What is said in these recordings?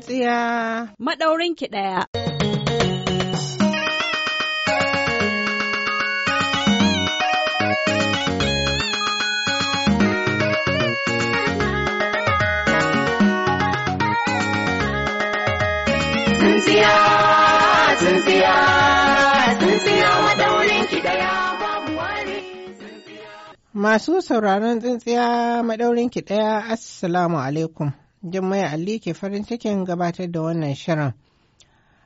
Auren tsiya. Maɗaurin ki ɗaya. Masu sauraron tsintsiya maɗaurinki ɗaya, Assalamu alaikum. Jummai Ali ke farin cikin gabatar da wannan shirin.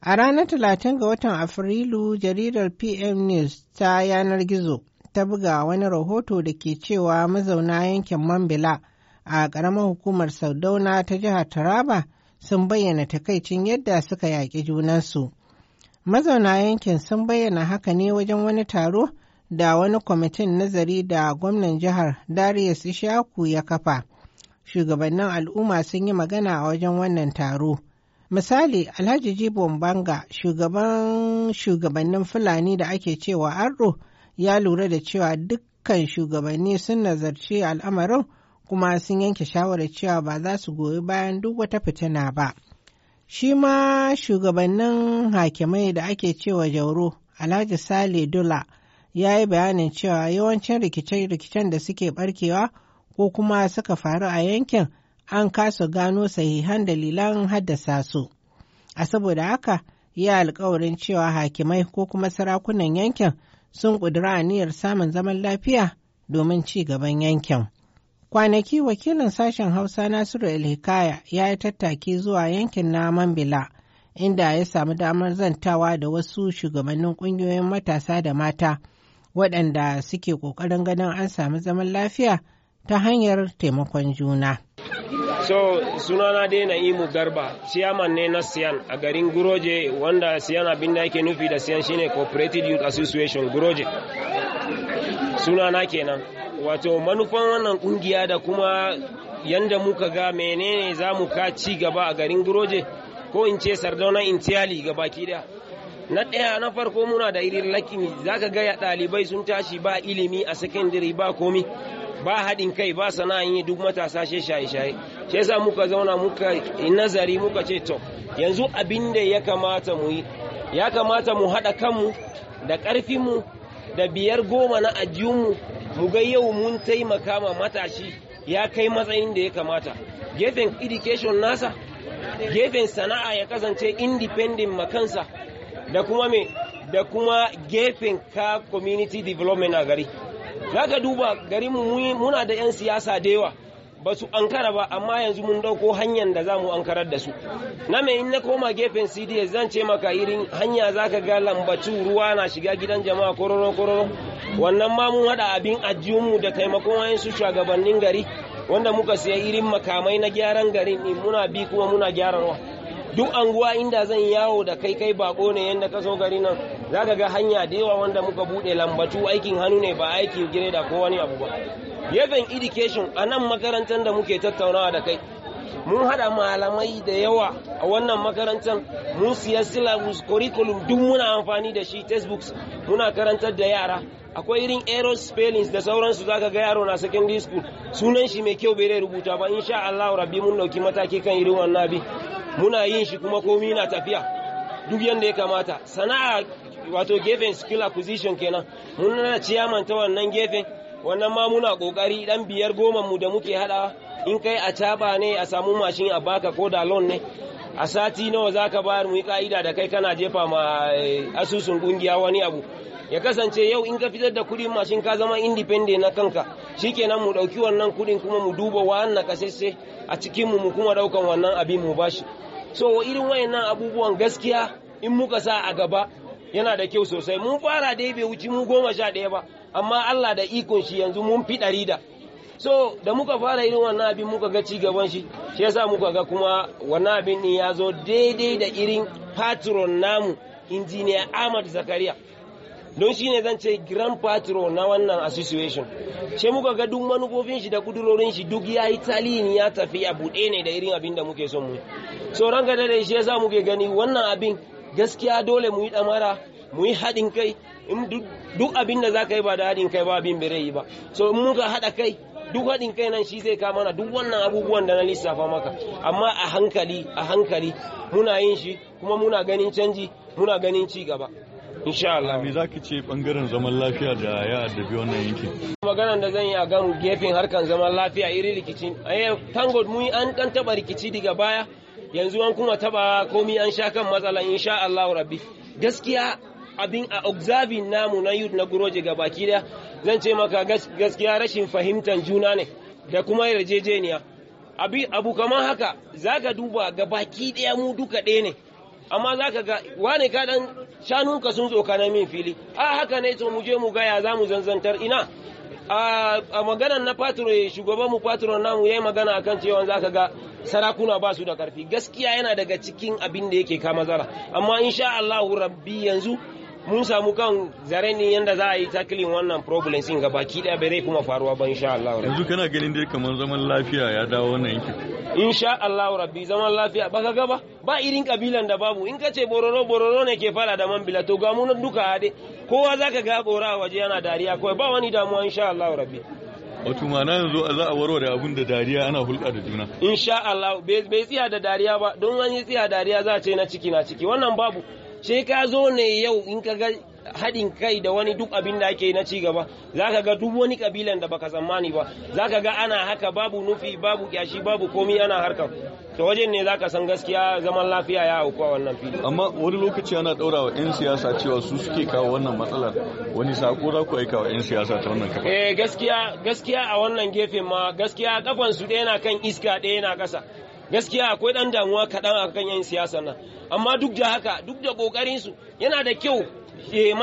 A ranar talatin ga watan Afrilu, jaridar PM News ta yanar gizo ta buga wani rahoto da ke cewa mazauna yankin Mambila a ƙaramar hukumar Saudauna ta jihar Taraba sun bayyana takaicin yadda suka yaƙi junansu. Mazauna yankin sun bayyana haka ne wajen wani taro da wani kwamitin nazari da gwamnan jihar Darius Ishaku ya kafa. shugabannin al'umma sun yi magana a wajen wannan taro. Misali, Alhaji Jibon Banga, shugaban shugabannin Fulani da ake cewa Ardo, ya lura da cewa dukkan shugabanni sun nazarci al'amarin kuma sun yanke shawarar cewa ba za su goyi bayan duk wata fitina ba. Shi ma shugabannin hakimai da ake cewa Jauro, Alhaji Sale Dula, ya yi bayanin cewa yawancin rikice-rikicen da suke barkewa. ko kuma suka faru a yankin an kasa gano sahihan dalilan haddasa su. A saboda haka, ya alkawarin cewa hakimai ko kuma sarakunan yankin sun ƙudura aniyar samun zaman lafiya domin ci gaban yankin. Kwanaki wakilin sashen Hausa Nasiru Elhikaya ya yi tattaki zuwa yankin na Mambila, inda ya samu damar zantawa da wasu shugabannin ƙungiyoyin matasa da mata waɗanda suke ƙoƙarin ganin an samu zaman lafiya ta hanyar taimakon juna. So sunana dai Na'imu Garba, siyaman ne na siyan a garin Guroje wanda siyan abin da yake nufi da siyan shine Cooperative Youth Association Guroje. Sunana kenan. Wato manufan wannan kungiya da kuma yanda muka ga menene za mu ka ci gaba a garin Guroje ko in ce Sardauna Intiyali baki da. na ɗaya na farko muna da irin lakini, za ka gaya ɗalibai sun tashi ba ilimi a sakandare ba komi ba haɗin kai ba sana'an yi duk matasa shi shaye-shaye shi yasa muka zauna muka nazari muka ce to yanzu abin da ya kamata mu yi ya kamata mu haɗa kanmu da ƙarfinmu da biyar goma na ajiyunmu mu ga yau mun taimaka ma matashi ya kai matsayin da ya kamata gefen education nasa gefen sana'a ya kasance independent makansa da kuma me da kuma gefen ka community development a gari za ka duba garinmu muna da 'yan siyasa da yawa ba su ankara ba amma yanzu mun dauko hanyar da za mu ankarar da su na mai in na koma gefen cds zan ce maka irin hanya za ka ga lambatu ruwa na shiga gidan jama'a kororo kororo wannan ma mun hada abin ajiyunmu da taimakon su shugabannin gari wanda muka siya irin makamai na gyaran garin muna bi kuma muna gyararwa duk anguwa inda zan yawo da kai kai bako ne yanda ka so gari nan zaka ga hanya da yawa wanda muka bude lambatu aikin hannu ne ba aikin gireda ko wani abu ba gefen education a nan makarantar da muke tattaunawa da kai mun hada malamai da yawa a wannan makarantar mun siya syllabus curriculum duk muna amfani da shi textbooks muna karantar da yara akwai irin error da sauransu zaka ga yaro na secondary school sunan shi mai kyau bai rubuta ba insha Allah rabi mun dauki mataki kan irin wannan bi muna yin shi kuma komi na tafiya duk yadda ya kamata sana'a wato gefen skill acquisition kenan muna na ciyaman ta wannan gefen wannan ma muna kokari dan biyar goma mu da muke hadawa in kai a caba ne a samu mashin a baka ko da loan ne a sati nawa zaka bayar mu yi ka'ida da kai kana jefa ma eh, asusun kungiya wani abu ya kasance yau in ka fitar da kudin mashin ka zama independent na kanka shi kenan mu ɗauki wannan kuɗin kuma mu duba wa'an na a cikinmu mu kuma ɗaukan wannan abin mu bashi so irin wayannan abubuwan gaskiya in muka sa a gaba yana da kyau sosai mun fara dai bai wuce mu goma sha ɗaya ba amma Allah da ikon shi yanzu mun fi ɗari da so da muka fara irin wannan abin muka ga cigaban shi shi yasa muka ga kuma wannan abin ya zo daidai da irin patron namu injiniya Ahmad Zakariya don shi ne zan ce grand patron na wannan association ce muka ga duk manufofin shi da kudurorin shi duk ya yi taliyin ya tafi a buɗe ne da irin abin da muke son mu so gada da shi yasa muke gani wannan abin gaskiya dole mu yi damara mu yi haɗin kai duk abin da za ka yi ba da haɗin kai ba abin bai yi ba so in muka haɗa kai duk haɗin kai nan shi zai kama mana duk wannan abubuwan da na lissafa maka amma a hankali a hankali muna yin shi kuma muna ganin canji muna ganin ci gaba insha Allah me zaka ce bangaren zaman lafiya da ya addabi wannan yankin maganan da zan yi a gan gefen harkan zaman lafiya iri rikicin eh tango mun an dan taba rikici daga baya yanzu an kuma taba komi an sha kan matsala insha Allah rabbi gaskiya abin a observing namu na youth na guroje ga baki da zan ce maka gaskiya rashin fahimtar juna ne da kuma yarjejeniya abu kamar haka za zaka duba ga baki daya mu duka ɗaya ne amma za ka ga wane ka dan shanunka sun tsoka na min fili a haka ne to mu je mu gaya za mu zanzantar ina a maganan na patro shugaban mu patro namu yayi magana akan cewa za ka ga sarakuna ba su da karfi gaskiya yana daga cikin abin da yake kama zara amma insha Allah rabbi yanzu mun samu kan zare ne yanda za a yi takilin wannan problem sin ga baki daya bai kuma faruwa ba insha Allah yanzu kana ganin dai kamar zaman lafiya ya dawo wannan yankin insha Allah rabbi zaman lafiya ba ka gaba ba irin kabilan da babu in ka ce bororo bororo ne ke fara da manbila to ga munan duka hade kowa zaka ga bora waje yana dariya kawai ba wani damuwa insha Allah rabbi wato mana yanzu za a warware abun da dariya ana hulɗa da juna insha Allah bai tsiya da dariya ba don an yi tsiya dariya za a ce na ciki na ciki wannan babu sai ka zo ne yau in ka ga haɗin kai da wani duk abin da ake na cigaba za ka ga duk wani kabilan da baka tsammani ba za ka ga ana haka babu nufi babu kyashi babu komi ana harkar to wajen ne za ka san gaskiya zaman lafiya ya auku a wannan fili amma wani lokaci ana ɗaura wa 'yan siyasa cewa su suke kawo wannan matsalar wani sako za ku aika wa 'yan siyasa ta wannan kafa eh gaskiya gaskiya a wannan gefen ma gaskiya kafan su ɗaya na kan iska ɗaya na ƙasa gaskiya akwai dan damuwa kaɗan akan yan siyasa nan amma duk da haka duk da kokarin su yana da kyau e eh,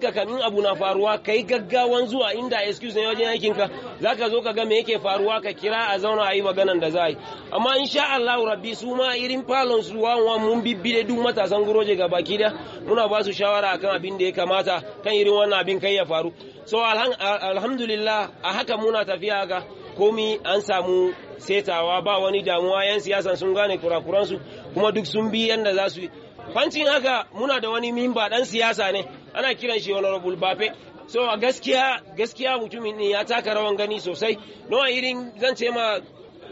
ka kamin abu na faruwa ka yi gaggawan zuwa inda excuse ne wajen aikinka za ka zo ka ga me yake faruwa ka kira a zauna a yi maganan da za amma in sha Allah rabbi su ma irin falon su wa mun bibbide duk matasan guroje ga baki da muna ba su shawara akan abin da ya kamata kan irin wannan abin kai ya faru so alhamdulillah a haka muna tafiya ga komi an samu setawa ba wani damuwa yan siyasa sun gane kurakuransu kuma duk sun bi yanda za su yi kwancin haka muna da wani mimba dan siyasa ne ana kiran shi honorable bafe so a gaskiya gaskiya mutumin ne ya taka rawan gani sosai no irin zan ce ma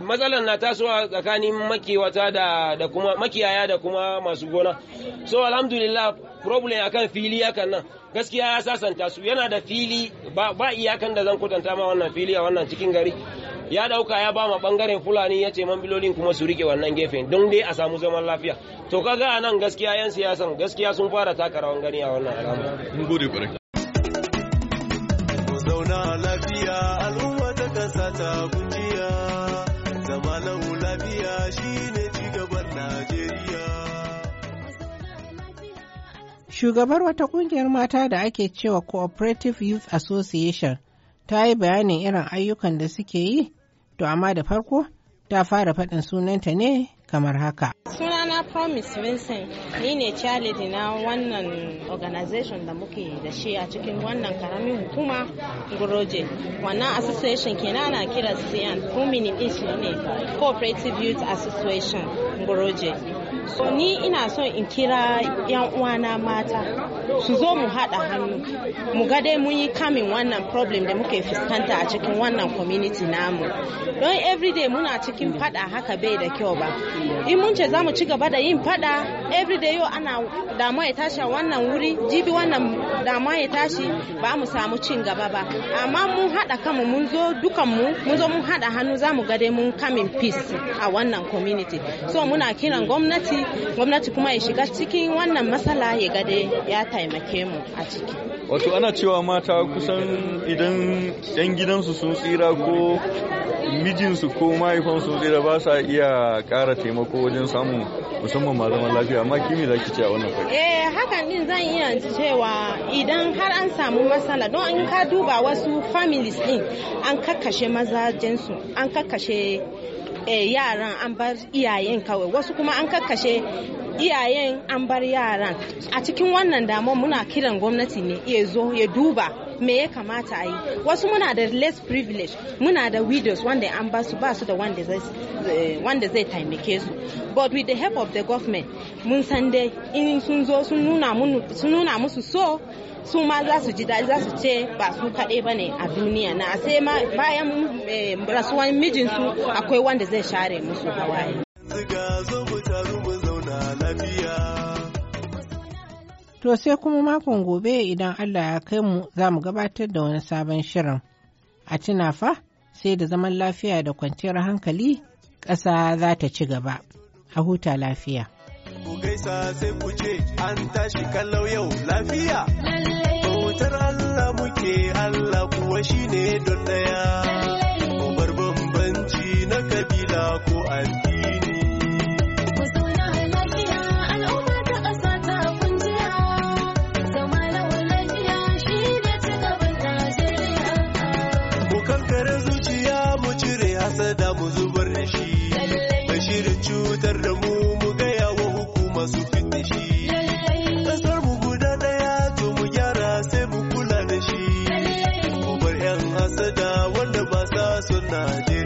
matsalar na tasowa tsakanin makiwata da da kuma makiyaya da kuma masu gona so alhamdulillah problem akan fili hakan nan gaskiya ya sasanta su yana da fili ba, ba iyakan da zan kutanta ma wannan fili a wannan cikin gari ya dauka ya ba ma bangaren fulani ya ce bilolin kuma su rike wannan gefen don dai a samu zaman lafiya to kaga a nan gaskiya yan siyasan gaskiya sun fara taka rawan gani a wannan al'amari mun gode kwarai zauna lafiya al'umma ta kasa ta Shugabar wata kungiyar mata da ake cewa Cooperative Youth Association ta yi bayanin irin ayyukan da suke yi, to amma da farko ta fara faɗin sunanta ne kamar haka. Sunana Promise Vincent ni ne charity na wannan organization da muke da shi a cikin wannan karamin hukuma Guroje. Wannan association kenan na kira siyan Fumini ne Cooperative Youth Association Guroje. So ni ina son in kira 'yan uwana mata su zo mu haɗa hannu mu ga dai mun yi kamin wannan problem da muke fuskanta a cikin wannan community namu don everyday muna cikin faɗa haka bai da kyau ba in mun ce za mu ci gaba da yin faɗa everyday yau ana damuwa ya tashi a wannan wuri jibi wannan damuwa ya tashi ba mu samu cin gaba ba amma mun haɗa kanmu mun zo mu mun zo mun haɗa hannu za mu ga dai mun kamin peace a wannan community so muna kiran gwamnati gwamnati kuma ya shiga cikin wannan matsala ya ga dai ya taimake mu a ciki wato ana cewa mata kusan idan 'yan gidansu sun tsira ko mijinsu ko mahaifan sun tsira ba sa iya ƙara taimako wajen samun musamman ma zaman lafiya amma kimi za ki ce a wannan fage. Eh hakan din zan iya cewa idan har an samu matsala don an ka duba wasu families din an kakkashe mazajensu an kakkashe eh, yaran an bar iyayen kawai wasu kuma an kakkashe iyayen an bar yaran a cikin wannan damon muna kiran gwamnati ne ya zo ya duba me ya kamata a yi wasu muna da less privilege muna da widows wanda an ba su ba su da wanda zai eh, taimake su but with the help of the government mun san dai in sun zo sun nuna musu so su ma za su ji daɗi za su ce ba su kaɗai ba ne a duniya na sai ma bayan eh, rasuwan mijinsu akwai wanda zai share musu hawaye. ziga zo mu taru mu zauna lafiya. To sai kuma makon gobe idan Allah ya kai mu za mu gabatar da wani sabon shirin. A tuna fa sai da zaman lafiya da kwanciyar hankali ƙasa za ta ci gaba. A huta lafiya. Ku gaisa sai ku ce an tashi kallau yau lafiya. Bautar Allah muke Allah kuwa shi ne don ɗaya. Ku bar bambanci na kabila ko addini. sada wanda ba sa suna je